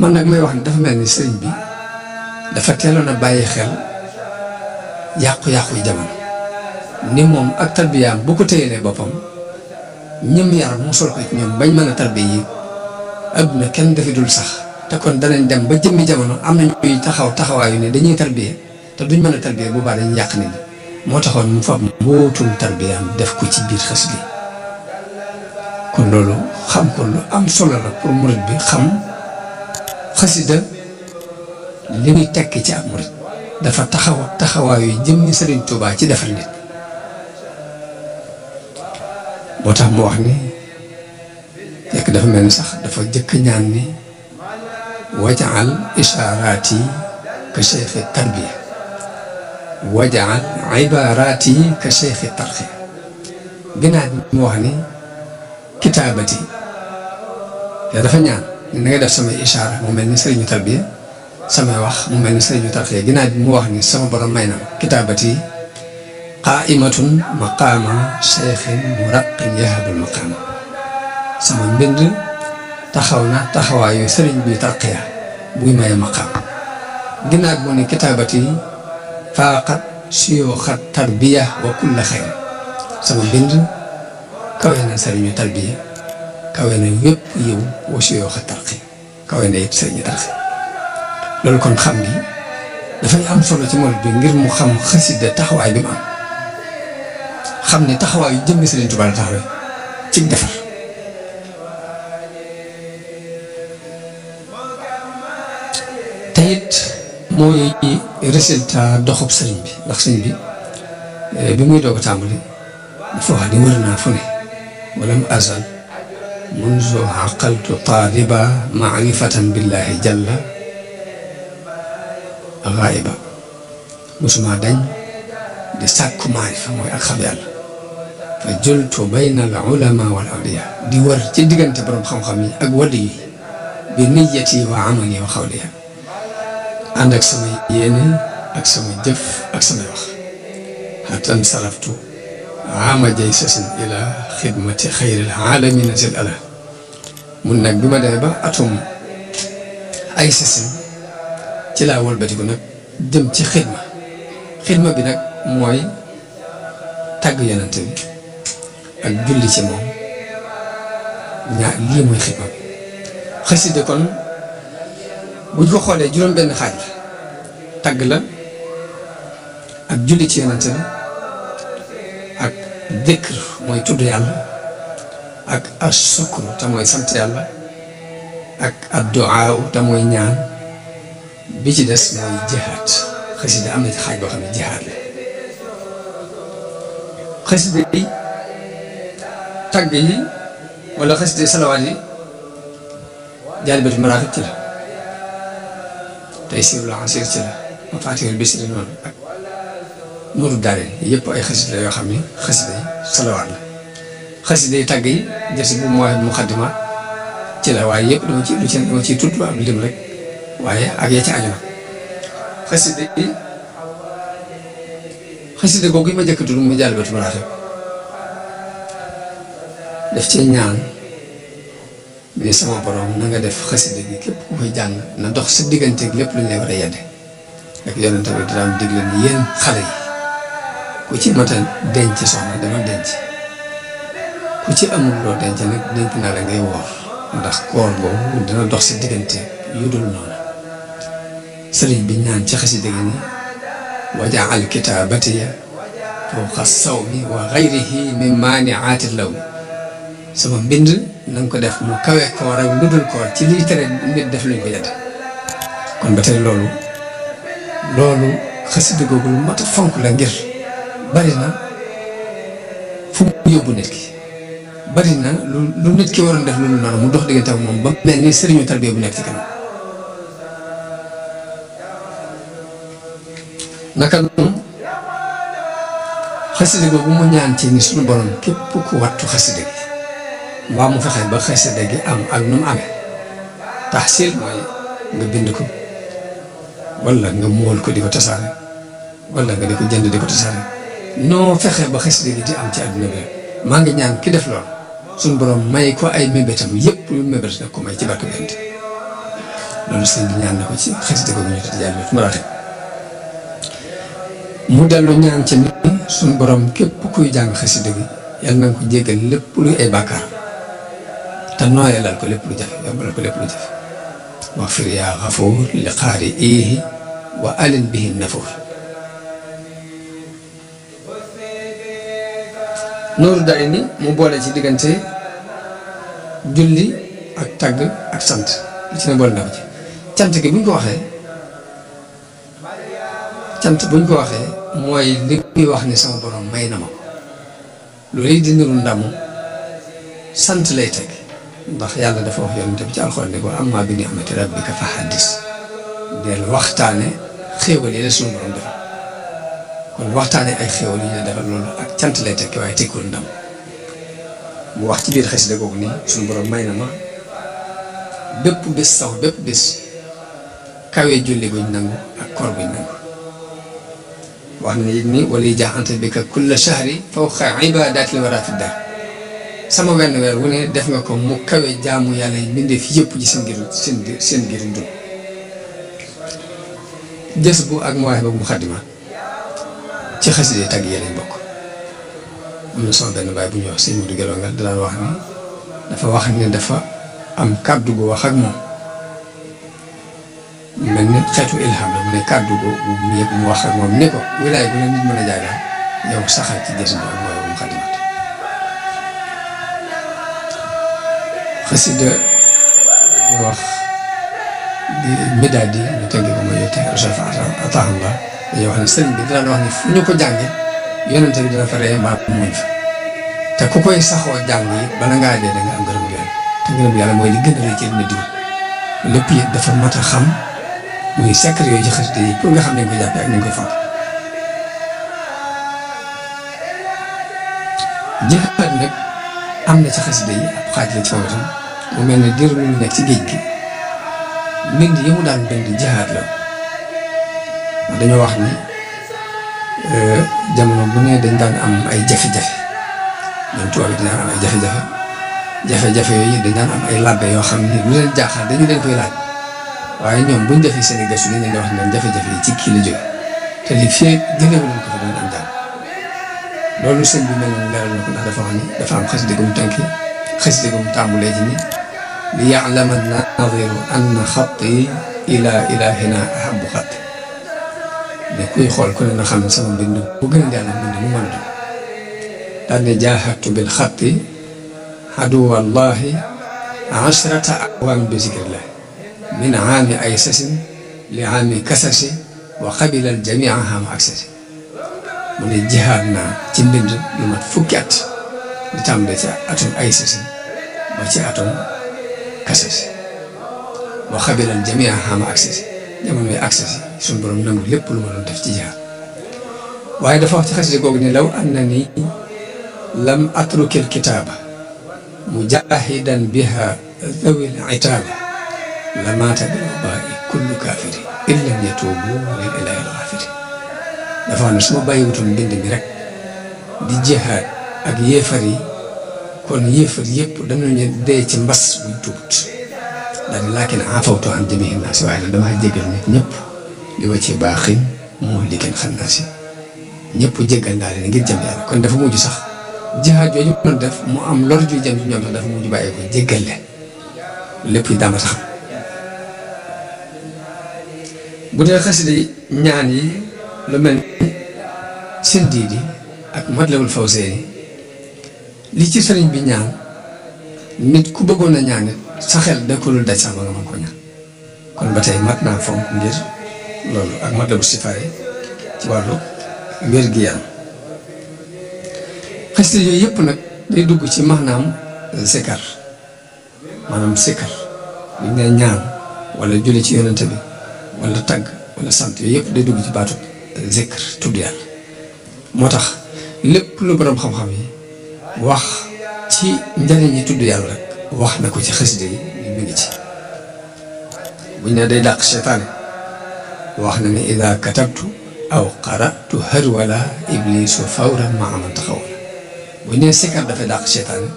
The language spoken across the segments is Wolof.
man nag may wax ne dafa mel ni sëriñ bi dafa teeloon a bàyyi xel yàqu-yàqu yi jamono ni moom ak tarbiyaam bu ko téyelee boppam ñëm yar mu sol ko ci ñoom bañ mën a tarbiya yi adduna kenn dafi sax te kon danañ dem ba jëmmi jamono am na ñuy taxaw taxawaayu ne dañuy tarbiya te duñ mën a tarbiya bu baa dañuy yàq nit ñi moo taxoon mu fab mbootum tarbiyaam def ko ci biir xas bi kon loolu xam ko lu am solo la pour murid bi xam xasida li muy tekki ci ak murit dafa taxaw taxawaayu jëmmi Sëriñ Tuubaa ci defar nit boo tax mu wax ni jekk dafa mel ni sax dafa jëkk ñaan ni wajaal ishaaraati ka cheikhi tarbiya wajaal ibaaraati ka cheikhi tarxiya ginnaaw bi mu wax ni kitaabati te dafa ñaan ni ngay def samay ishaara mu mel ni sëriñu tarbiya samay wax mu mel ni sëriñu tarbiya ginnaaw bi mu wax ni sama borom may na kitaabati qaa'imatun maqaama cheikhin muraqin yahabul maqaama sama mbind taxaw na taxawaayu sëriñ bi tarqiya buy maye maqaam ginnaaw bi mu ne kitaabati faaqat siyooxat tarbiya wa kulla xayr sama mbind kawe na sëriñu tarbiya kawe na wépp yiw wasu yoo xa tarxi kawe na yëpp sëriñu tarxi loolu kon xam gi dafay am solo ci mool bi ngir mu xam xasida taxawaay bi mu am xam ne taxawaay yu jëmmi Sëriñ Tuubaa la taxawee ci defar te it mooy résultat doxub sëriñ bi ndax sëriñ bi eh, bi muy doog a tàmbali dafa wax ni wër naa fu ne wala mu azan منذ عقلت طالبا معرفة بالله جل غائبا musuma dañ di sàkku maarifa mooy ak xam yàlla fa jultu bayna al ulama wal awliya di war ci diggante borom xam-xam yi ak wàll yi bi niyyati wa amali wa xawliya ànd ak sama yéene ak sama jëf ak sama wax xatan salaftu عام جاي ساسن الى خدمه خير العالمين زل الله من نك بما دابا اتوم اي ساسن تي لا ول بتي نك دم تي خدمه خدمه بي نك أنا تاغ يانتي اك جولي سي موم نيا لي موي خدمه خسي دي كون بو جو خولي جوروم بن خاج تاغ لا اك جولي أنا يانتي dikr mooy tudd yàlla ak asukru te mooy sant yàlla ak adduaa te mooy ñaan bi ci des mooy jihaad xasida am na ci xaaj boo xam ne jihaad la xasida yi tagg yi wala xasida yi salawaan yi jaalibati maraaxib ci la tey siirul ansir ci la ma faatiwul bisiri noonu nur Daarayni yep ay khassida yo xamni khassida salawat la khassida tagay tàgg yi jës bu mooy muqaddima ci la way yep do ci lu ci dama ciy tudd am rek waye ak ya ci aju khassida khassida yi ma jëkk tudd mu jàll ba tumuraate def ci ñaan ni sama borom na nga def khassida gi kep ku fay jang na dox sa digganteeg lepp lu ñu wara war yedde ak yonentabe bi daan digle ni yéen xale yi ku ci mat a denc soxna demal denc ku ci amul loo denc nag denc naa la ngay woor ndax koor boobu dina dox si diggante yu dul noonu ci xasi dëgg ni wajaal kitaabatiya fawqa sawmi wa xayrihi min maaniaati law sama mbind na ko def mu kawee koor ak lu koor ci liy tere nit def luñ ko yedd kon ba tey loolu loolu xasi dëggoogul mat a fonk la ngir bari na fu mu yóbbu nit bari na lu nit ki waroon def lu mu dox diggante ak moom ba mel ni sëriñu tarbiya bu nekk ci kanam naka noonu xasida googu mu ñaan ci ni suñu borom képp ku wattu xasida gi mbaa mu fexe ba xasida gi am ak nu mu amee taxsil mooy nga bind ko walla nga mool ko di ko tasaare walla nga di ko jënd di ko tasaare noo fexe ba xasida gi di am ci àdduna bi maa ngi ñaan ki def lool suñu borom may ko ay mébétam yépp lu mébét nag ko may ci barke bent loolu sëñ bi ñaan na ko ci xasida suñu borom képp kuy jàng xasida gi yàlla na ko jéggal lépp luy ay bàkkaar te nooyee lal ko lépp lu jafe yombalal ko lépp lu jafe wax fir yaa xafóor li xaari iihi wa alin bihi nafoor noonu day ni mu boole ci diggante julli ak tagg ak sant li ci ne boole naa cant gi buñ ko waxee cant buñ ko waxee mooy li muy wax ni sama borom may na ma ko loolu di niru ndam sant lay teg ndax yàlla dafa wax yonent bi ci alxuraan ni ko amma bi ni'mati rabbika fa haddis del waxtaane xéewal yi la suñu borom def kon waxtaanee ay xéwal yi ñu defal loolu ak cant lay tekki waaye tekkul ndam mu wax ci biir xasida googu nii suñu borom may na ma bépp bés saw bépp bés kawe julli guñ nangu ak koor guñ nangu bi ka kulla shahri dar sama wenn weer wu ne def nga ko mu kawe jaamu yàlla yi mbindeef yëpp ci seen ngir seen ngir dund jës bu ak mu waaye ba mu xaddima ci xasida tag yi lañ bokk am na sama benn baay bu ñuy wax sëñ Modou Gelo Ngal daan wax ni dafa wax ni dafa am kàddu gu wax ak moom mel ni xeetu ilham la mu ne kàddu gu yëpp mu wax ak moom ne ko wilaay bu ne nit mën a jaagaan yow saxal ci des bi ak mooy mu xadimaat xasida wax di midaadi ñu tëgg ko mooy te Jafar Atahullah dañuy wax ne sëriñ bi dina la wax ne fu ñu ko jàngee yonent bi dina fa ree mbaa muñ fa te ku koy saxoo jàng yi bala ngaa dee da am ngërëm yàlla mooy li gën a lépp yi dafa mat a xam muy secret yooyu ci xasida yi pour nga xam ne nga nga koy fonk jihaad nag mu mel ne diir nekk ci géej gi mbind yi mu daan bind jihaad la dañoo wax ni euh, jamono bu ne dañ daan am ay jafe-jafe dañ daan am jafe-jafe jafe-jafe yi dañ daan am ay labbe yoo xam ne lu leen jaaxal dañu leen koy laaj waaye ñoom buñ defee seen i gëstu dañ leen di wax ne jafe-jafe yi ci kii la jóge te li fii jëlee wu ko fa doon am jàll loolu sëñ bi mel noonu leeral na ko ndax dafa wax ni dafa am xasida gu mu tànki xasida gu mu tàmbulee ji ni li ya'lama an-naadiru anna xatti ila ilaahina ahabbu xatti de kuy xool ku ne na xam ne sama mbind bu gën a jàll mbind mu mën a daal ne jaaxatu bil xatti aduwallahi ashrata aqwaam bi zikrillah min aami ay sasin li aami kasasi wa qabilal jamia am ak sasi mu ne jihaad naa ci mbind lu mat fukki at di tàmbale ci atum ay sasin ba ci atum kasasi wa qabilal jamia am ak sasi jamono yi si suñu borom nangu lépp lu ma doon def ci jihaad waaye dafa wax ci xasida googu ni law an na ni lam atrukil kitaaba mujahidan biha zawil itaaba la maata bil wabaa'i kullu kaafiri illam yatuubu lil ilaahi alxaafiri dafa wax ne su ma bàyyiwutoon mi rek di jihaad ak yéefar yi kon yéefar yëpp danañu dee ci mbas buñ tuubut لكن عفوت عن جميع الناس وعلى دما ديغال نيت نيب لي واتي باخين مو لي كان خناس نيب ديغال دا لي غير جام يالا كون دا فمو جي صاح جهاد جوجو كون داف مو ام لور جو جام نيوم دا فمو جي بايكو ديغال لي لب دا ما صاح بودي خاسدي نيان يي لو الفوزي لي تي سيرن بي نيان sa xel dëkkulul daj sax ba nga ko ñaan kon ba tey mat naa fonk ngir loolu ak mat bu sifaay ci wàllu wér-gi-yaram yooyu yëpp nag day dugg ci maanaam euh, sikkar maanaam sikkar li nga ñaan wala julli ci yonente bi wala tagg wala sant yooyu yëpp day dugg ci baatu euh, zikr tudd yàlla moo tax lépp lu borom xam-xam yi wax ci yi tudd yàlla wax na ko ci xasida yi mi ngi ci buñ ne day dàq seytaane wax na ne ida katabtu aw qaratu har wala iblisu fawran ma aman taxawal buñ ne sikar dafay dàq seytaane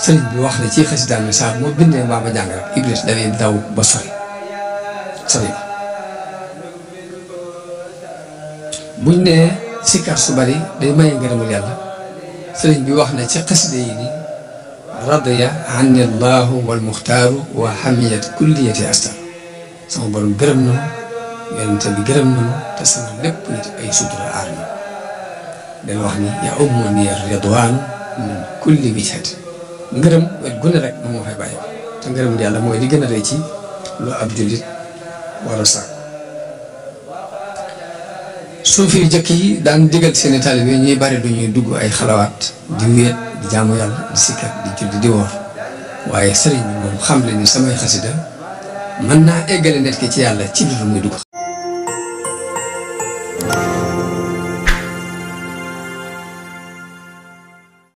sëriñ bi wax na ci xasida mi saa moo bindee mbaa ma jàng iblis dafay daw ba sori sori ne sikar su bari day maye ngërëmul yàlla sëriñ bi wax na ci xasida yi radiya anni allahu wal muxtaaru wa hamiyat kulliyati astar sama borom gërëm na yonent bi gërëm na te sama lépp nit ay sutura aar na wax ni yaa ummani ridwaan min kulli wijhat ngërëm wet gu ne rek moom moo fay bàyyi te ngërëm di yàlla mooy li gën a rëy ci lu ab jullit war a sàkk suufi jëkk yi daan digal seeni taalibe ñuy bari du ñuy dugg ay xalawaat di wéet جامو يال سيكا دي جول دي وور واي سيرين موم خام لي سماي خاسيدا مننا ايغال نيت كي تي يالا دوك